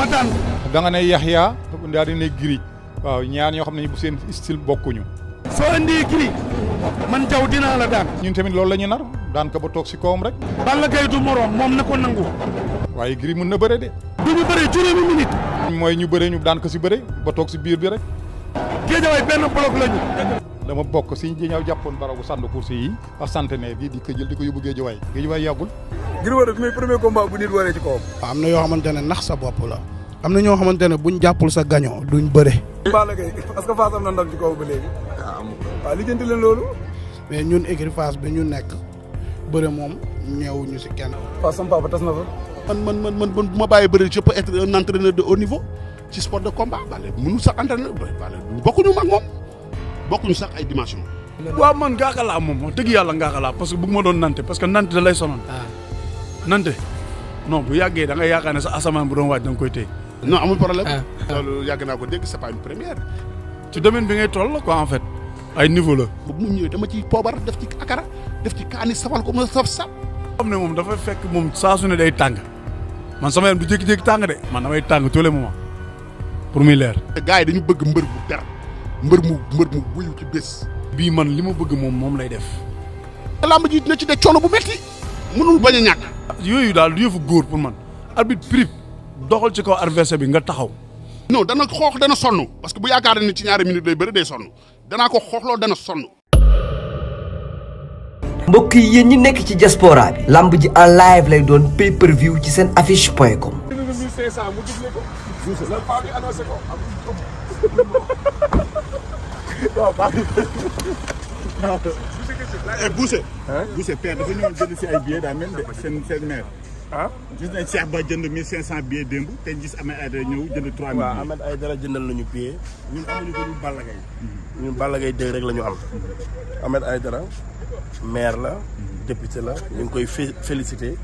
ma daan ko da nga ne Yaxya daal di waaw ñaar ñoo xam ne bu seen style bokkuñu soo indee Gris man jaw dinaa la daan ñun tamit loolu la ñu nar daan ko ba toog si kawam rek Balla la du moroom moom na ko nangu waaye Gris mun na bëre de du ñu bëre juróomi minute mooy ñu bëre ñu daan ko si bëre ba toog si biir bi rek géejawaay benn bloc la dama bokk si ñi ñëw jàppoon barabu sànd course yi a centenaire bi di ko jël di ko yóbbu géejawaay géejawaay yàggul Gris Bordeaux bi muy premier combat bu nit waree ci am na yoo xamante nax sa bopp am na ñoo xamante ne buñ jàppul sa gaño duñ bëre. Balla Gaye parce que Fass am na ndam ci kaw ba léegi. waaw ah, amul waaw lijjanti leen loolu. mais nekk bëre moom ñeewu ñu si kenn. waaw sama papa na fa. man man man bu ma bàyyi bëre je peux être un entraîneur de niveau ci sport de combat Balla mënu sax entraîneur bokkuñu mag bokkuñu sax ay dimension. que bu ma nante non bu yàggee da nga yaakaar ne sa asamaan bu doon waaj da nga koy téye. non amul problème. Ah. loolu yàgg naa ko dégg c'est pas une première. ci domaine bi ngay toll la quoi en fait. ay niveau la. mu ñëwee dama ci poobar def ci def ci kaani safal ko ma saf saf. xam ne moom dafa fekk moom saa su ne day tàng man sama jékki-jékki tàng de damay tàng tous les pour muy leer. gars yi dañu bëgg mbër mu ter mbër mu mbër mu wuyu ci bés. bii man li ma bëgg moom moom lay def. làmb ji dina ci de coono bu metti mënul bañ a ñàkk. yooyu daal du yëfu góor pour man arbitre prip doxal ci kaw adversaire bi nga taxaw. non dana xoox dana sonn parce que bu yaakaar ni ci ñaari minutes lay bëri day sonn danaa ko xooxloo dana sonn. mbokk yi yéen ñi nekk ci diaspora bi. lamb ji en live lay doon pay per view ci seen affiche point com. waaw. Eh, Bousse. Bousse père dafa ñëwoon jënd si ay billets daa mel de seen seen maire. ah gis nañ Cheikh Ba jënd 1500 billets démb te gis Ahmed Aïdara ñëw jënd 3000. waaw Ahmed Aïdara jëndal nañu billet. ñun amuñu ko dul Balla Gaye. ñun Balla Gaye dëgg rek lañu ñu am. Ahmed Aïdara maire la. député la ñu ngi koy félicité.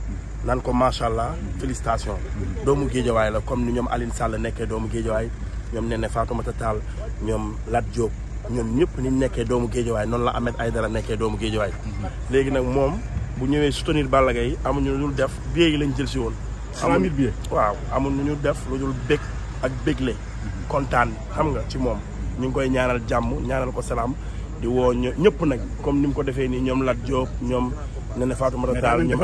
naan ko macha allah félicitation. doomu géejawaay la comme ni ñoom Aline Sall nekkee doomu géejawaay ñoom Néné Fatoumata taal ñoom laat Diop. ñoom ñëpp ni ñu nekkee doomu géejawaay noonu la ay Aïdara nekkee doomu géejawaay mhm. léegi nag moom bu ñëwee soutenir Balla Gaye amuñu lu dul def billets yi lañ jël si woon. cent mille billets waaw amuñu ñu def lu dul bég ak bégle mhm. kontaan xam nga ci moom mhm. ñu ngi koy ñaanal jàmm ñaanal ko selaam di woo ñëpp nag comme ni mu ko defee nii ñoom laat Diop ñoom. ne ne Fatoumata Tall ñoom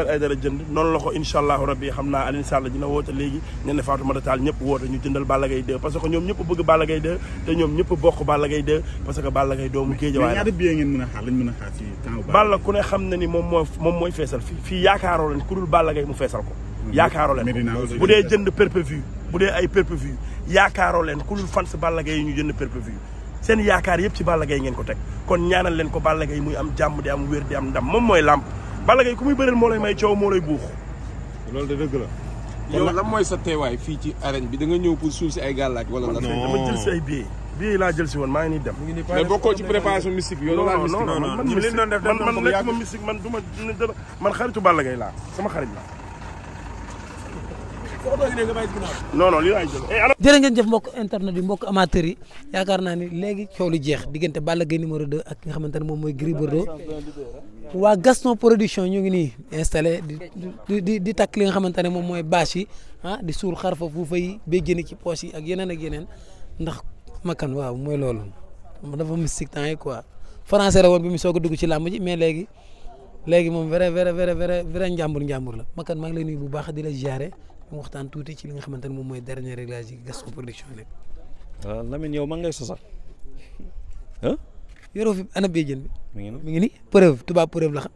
Aliou noonu la ko insha rabbi xam naa Aliou Sall dina woote léegi ne ne Fatoumata Tall woote ñu jëndal Balla Gaye 2 parce que ñoom ñëpp bëgg Balla Gaye 2 parce que Balla Gaye doomu Géejawaay ñaata a xaar lañ mën a xaar ci temps Balla ku ne xam na ni moom moo mooy feesal fii fii yaakaaroo leen ku dul Balla Gaye mu feesal ko hmm. bu dee jënd perpévu bu dee ay pay-per-view yaakaaroo leen ku dul fans Balla Gaye yi ñu jënd pay-per-view seen yaakaar yëpp ci Balla Gaye ngeen ko teg kon ñaanal leen ko Balla Gaye muy am jàmm di am wér di am ndam moom mooy làmb Balla Gaye ku muy bëreel moo lay may coow moo lay buux. loolu de la. yow lan mooy sa teewaay fii ci arène bi da nga ñëw pour suul si ay gàllaaj wala lan. laa jël woon maa ngi nii dem. mais bokkoo ci préparation mystique yow. non non non man laa sama xarit laa. non non eh, jëf mbokk internet yi mbokk amateur yi yaakaar naa ni léegi coow lu jeex diggante Balla Gaye numéro 2 ak ki nga xamante ne moom mooy Gris Bordeaux waa Gaston production ñu ngi nii installé di di takk li nga xamante ne moom mooy bâche yi ah di suur xar fa fu fay béjjëni ci poche yi ak yeneen ak yeneen ndax makan waaw mooy loolu dafa mystique temps yi quoi français la woon bi mu soog a dugg ci làmb ji mais léegi. léegi moom vrai vrai vrai vrai vrai la makan maa lay nuyu bu baax di la ziare ñu waxtaan tuuti ci li nga xamante ne moom mooy dernier réglage yi Gaston Production nekk. waaw Lamine yow man ngay sosal ah. yoroo fi ana béjjën bi. mi ngi nii mi ngi nii preuve tubaab preuve la xam.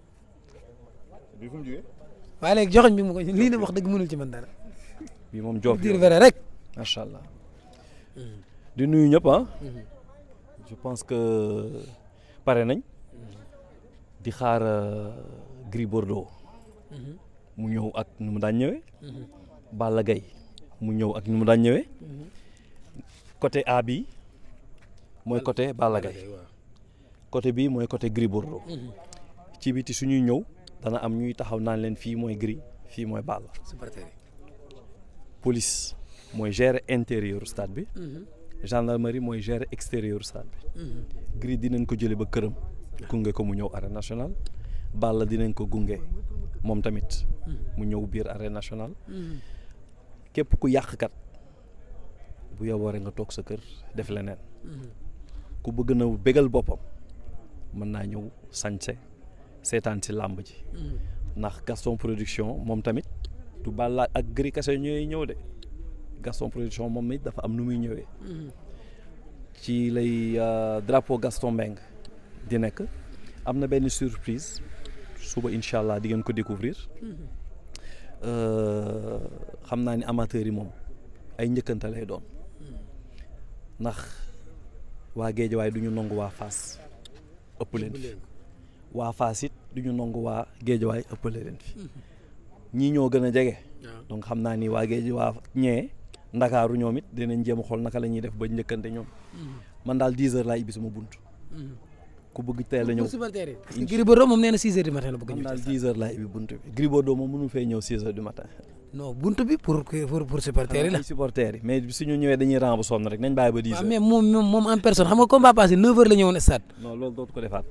bii fu mu jógee. bi mu ko lii ne wax dëgg mënul ci man dara. moom joof dire vrai rek. macha allah. Hmm. di nuyu ñëpp ah. pense que pare nañ. Hmm. xaar euh, Gris Bordeaux. mu ñëw ak nu mu daan ñëwe Balla Gaye mu ñëw ak ni mu daan ñëwee côté A bi mooy côté Balla Gaye côté bii mooy côté Gris Bordeaux mhm. ci biti suñuy ñëw dana am ñuy taxaw naan leen fii mooy Gris fii mooy Balla police mooy gérer intérieur stade bi mhm. gendarmerie mooy gérer extérieur stade bi mhm. Gris dinañ ko jële ba këram gunge ko mu ñëw arène nationale Balla dinañ ko gunge moom tamit mu ñëw biir arène nationale képp ku yàqkat bu yow waree nga toog sa kër def leneen mm-hmm. ku bëgg na bégal boppam mën naa ñëw sañse seetaan si làmb ji mm-hmm. ndax Gaston Production moom tamit du balla ak gëri kase ñooy ñëw de Gaston Production moom it dafa am nu muy ñëwee mm-hmm. ci lay euh, drapeau Gaston Mbengue di nekk am na benn surprise suba incha di ngeen ko découvrir Euh, xam naa ni amateurs yi moom ay njëkkante lay doon ndax waa Géejawaay du ñu nangu waa Fass ëpp leen fi waa Fass it du ñu nangu waa Géejawaay ëpp leen fi ñii ñoo gën a jege. donc xam naa ni waa géej waa ñee ndakaaru ñoom it denañ jéem a xool naka la ñuy def ba njëkkante ñoom. Mm-hmm. man daal dix heures laay ibbi sama bunt. Mm-hmm. ku bëgg teel a ñëw. parce que Gris Bordeaux moom nee na 6 heures du matin la bëgg a ñëw. moom daal 10 heures laay bi buntu bi Gris Bordeaux moom mënul fay ñëw 6 heures du matin. non buntu bi pour pour pour supporters yi la. Ah, supporters yi mais suñu ñëwee dañuy rang bu sonn rek nañ bàyyi ba 10 heures. waaw mais moom moom en personne xam nga combat passé 9 heures la ñëwoon stade. non loolu dootu ko defaat.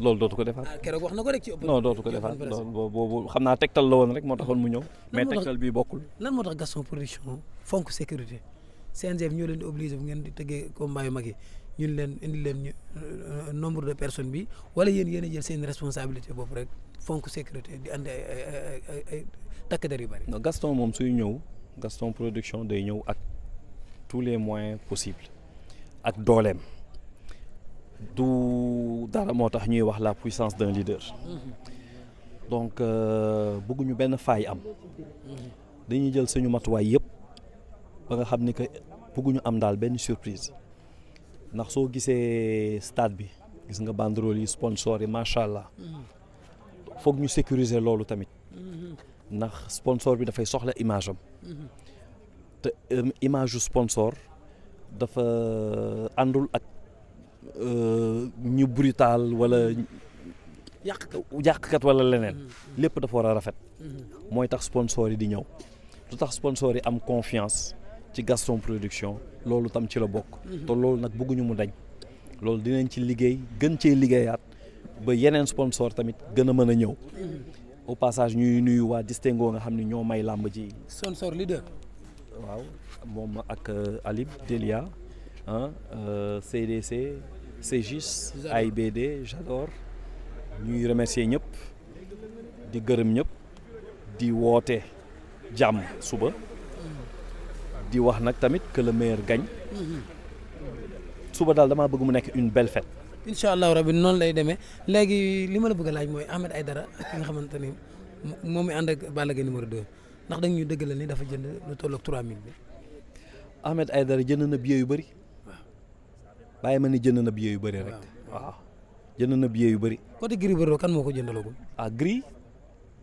loolu dootu ko defaat ah keroog wax na ko rek ci ëpp. non dootu ko defaat boobu xam naa tegtal la woon rek moo taxoon mu ñëw. mais tegtal bi bokkul. lan moo tax Gaston production fonk sécurité CNG ñoo leen di obligé bu ngeen di tëggee combat yu mag yi ñun leen indi leen ñu euh, euh, nombre de personne bi wala yéen yéen a jël seen responsabilité boobu rek fonk sécurité di andi ay takk der yu bari non Gaston moom suy ñëw Gaston production day ñëw ak tous les moyens possibles ak dooleem du dara moo tax ñuy wax la puissance d'un leader. donc euh, bëgguñu benn faay am. dañuy jël suñu matuwaay yëpp ba nga xam ni que bëgguñu am daal benn surprise. ndax soo gisee stade bi gis nga bandrol yi sponsor yi macha allah foog ñu sécuriser loolu tamit ndax sponsor bi dafay soxla image am te euh, image sponsor dafa euh, àndul ak euh, ñu brutal wala yàqkat wala leneen mm-hmm. lépp dafa war a rafet mm-hmm. mooy tax sponsor yi di ñëw lu tax sponsor yi am confiance ci Gaston Production loolu tam ci la bokk. Mhm. te loolu nag bëgguñu mu dañ. loolu dinañ ci liggéey gën cee liggéeyaat ba yeneen sponsor tamit gën a mën a ñëw. Mhm. au passage ñuy nuyu waa Distingo nga xam ne ñoo may làmb ji. sponsor leader. waaw moom ak euh, Alib Delia ah euh, CDC CGIS. AIBD Jador ñuy remercier ñëpp di gërëm ñëpp di woote jàmm suba. di wax nag tamit que le meilleur suba daal damaa bëgg mu nekk une belle fête. incha allahu rabi noonu lay demee léegi li ma la bëgg a laaj mooy Ahmed Aïdara ak ki nga xamante ni moom mi ànd ak Balla Gaye numéro 2 ndax dañu ñu dëggalal ni dafa jënd lu toll ak 3000 bi. Ahmed Aïdara jënd na billet yu bëri. bàyyi ma ne jënd na billet yu bëri rek. waaw jënd na billet yu bëri. côté Gris Bordeaux kan moo ko jëndalagul. ah Gris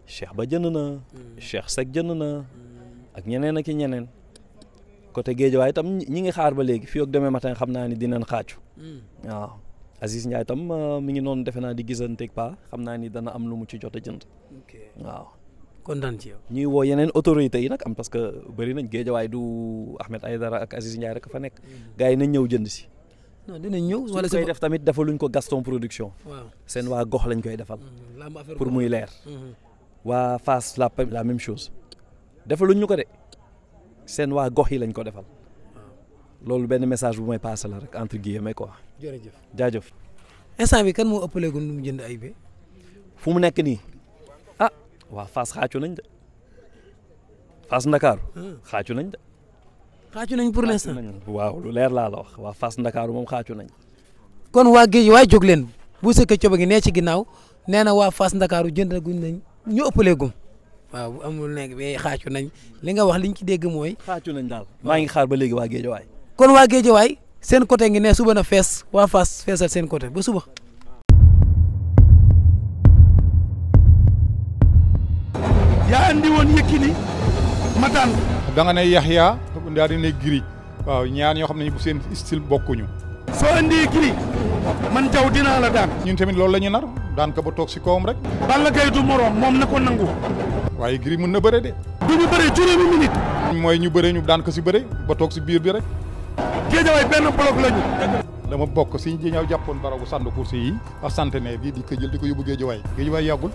Cheikh Ba jënd na. Hmm. Cheikh Seck jënd na. Hmm. ak ñeneen ak i ñeneen. côté Guédiawaye itam ñi ngi xaar ba léegi fii ak demain matin xam naa ni dinañ xaaju. Hmm. waaw Aziz Ndiaye itam euh, mi ngi noonu defe naa di gisanteeg pa xam naa ni dana am lu mu ci jot a jënd. waaw. kontaan ñuy woo yeneen autorités yi nag am parce que bëri nañ Guédiawaye du Ahmed Aïdara ak Aziz Ndiaye rek fa nekk. Hmm. gars yi nañ ñëw jënd si. non dinañ ñëw wala koy def tamit defaluñ ko Gaston production. seen waa gox lañ koy defal. Hmm, pour muy leer. waa Fass la la même chose. defaluñ ñu ko de. seen waa gox yi lañ ko defal loolu benn message bu may passé la rek entre guillemets quoi. jërëjëf jaajëf. instant bi kan moo ëppalee gu mu jënd ay be. fu mu nekk nii ah waa fas xaacu nañ de Fass Ndakaaru. Ah. xaacu nañ de. xaacu nañ pour l'instant waaw leer laa la waa Fass Ndakaaru moom xaacu nañ. kon waa géej waa jóg leen bu sëkkee coba gi nee ci ginnaaw nee na waa fas Ndakaaru jënd guñ nañ ñu ëppalee gum waaw bu amul nekk ba xaacu nañ li nga wax liñ ci dégg mooy. xaacu nañ daal maa ngi xaar ba léegi waa Géejawaay. kon waa Géejawaay seen côté ngi ne suba na fees waa Fass feesal seen côté ba suba. yaa andi woon Yékini ma daan ne Yaxya daal ne Gris waaw ñaar ñoo xam ne bu seen style bokkuñu. soo andi Gris man jaw dinaa la daan. ñun tamit loolu la nar daan ko ba toog si kawam rek. Balla Gaye moroom moom na ko nangu. waaye Gris mën na bëre de. du ñu bëre juróomi minute. mooy ñu bëre ñu daan ko si bëre ba toog si biir bi rek. géejawaay benn bloc la ñu. dama bokk si ñëw jàppoon baragu sànd course yi ak centenaire bi di ko jël di ko yóbbu géejawaay géejawaay yàggul.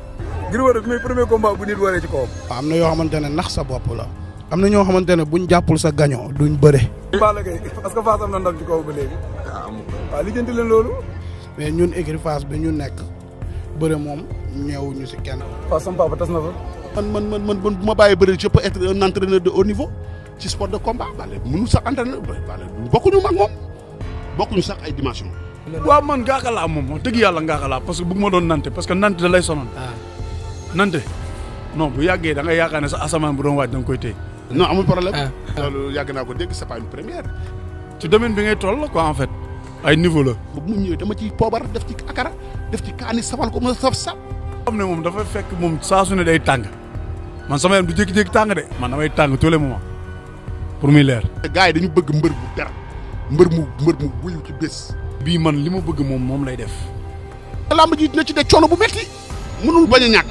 Gris Bordeaux muy premier combat bu nit waree ci am na yoo xamante ne nax sa bopp la. am na ñoo xamante ne ñu jàppul sa gañoo duñ bëre. Balla Gaye parce que Fass am na ndam ci kaw ba léegi. waaw lijjanti loolu. mais ñun écurie Fass bi nekk bëre moom ñeewuñu si kenn. waaw sama papa tas na fa. man man man man bu ma bàyyi bëri je peux être un entraîneur de haut niveau ci sport de combat bale mënu sax entraîneur bale bokkuñu mag moom bokkuñu sax ay dimension moom wax dëgg yàlla ngaaka laa parce que bëgg ma doon nante que nante da lay sonal ah. bu yàggee da nga yaakaar ne sa asamaan bu doon waaj da nga koy téye non amul problème ah. yàgg naa ko dégg c'est pas première ci domaine bi ngay toll la quoi fait ay niveau la bu mu ñëwee dama ci poobar def ci akara def ci kaani safal ko ma saf saf xam ne moom dafa fekk moom saa ne day tàng man sama yaram du jékki-jékki tàng de man damay tàng tous les pour muy leer. gars yi dañu bëgg mbër bu ber mbër mu mbër mu wuyu ci bés. bii man li mu bëgg moom moom lay def. làmb ji dina ci def coono bu metti mënul bañ a ñàkk.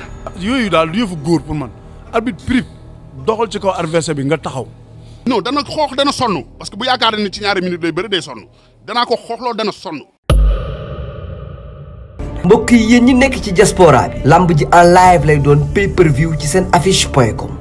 yooyu daal du yëfu góor pour man arbitre prip doxal ci kaw adversaire bi nga taxaw. non dana xoox dana sonn parce que bu yaakaar ne ci ñaari minutes lay bëri day sonn danaa ko xooxloo dana sonn. mbokk yi yéen ñi nekk ci diaspora bi lamb ji en live lay doon pay per view ci seen affiche point com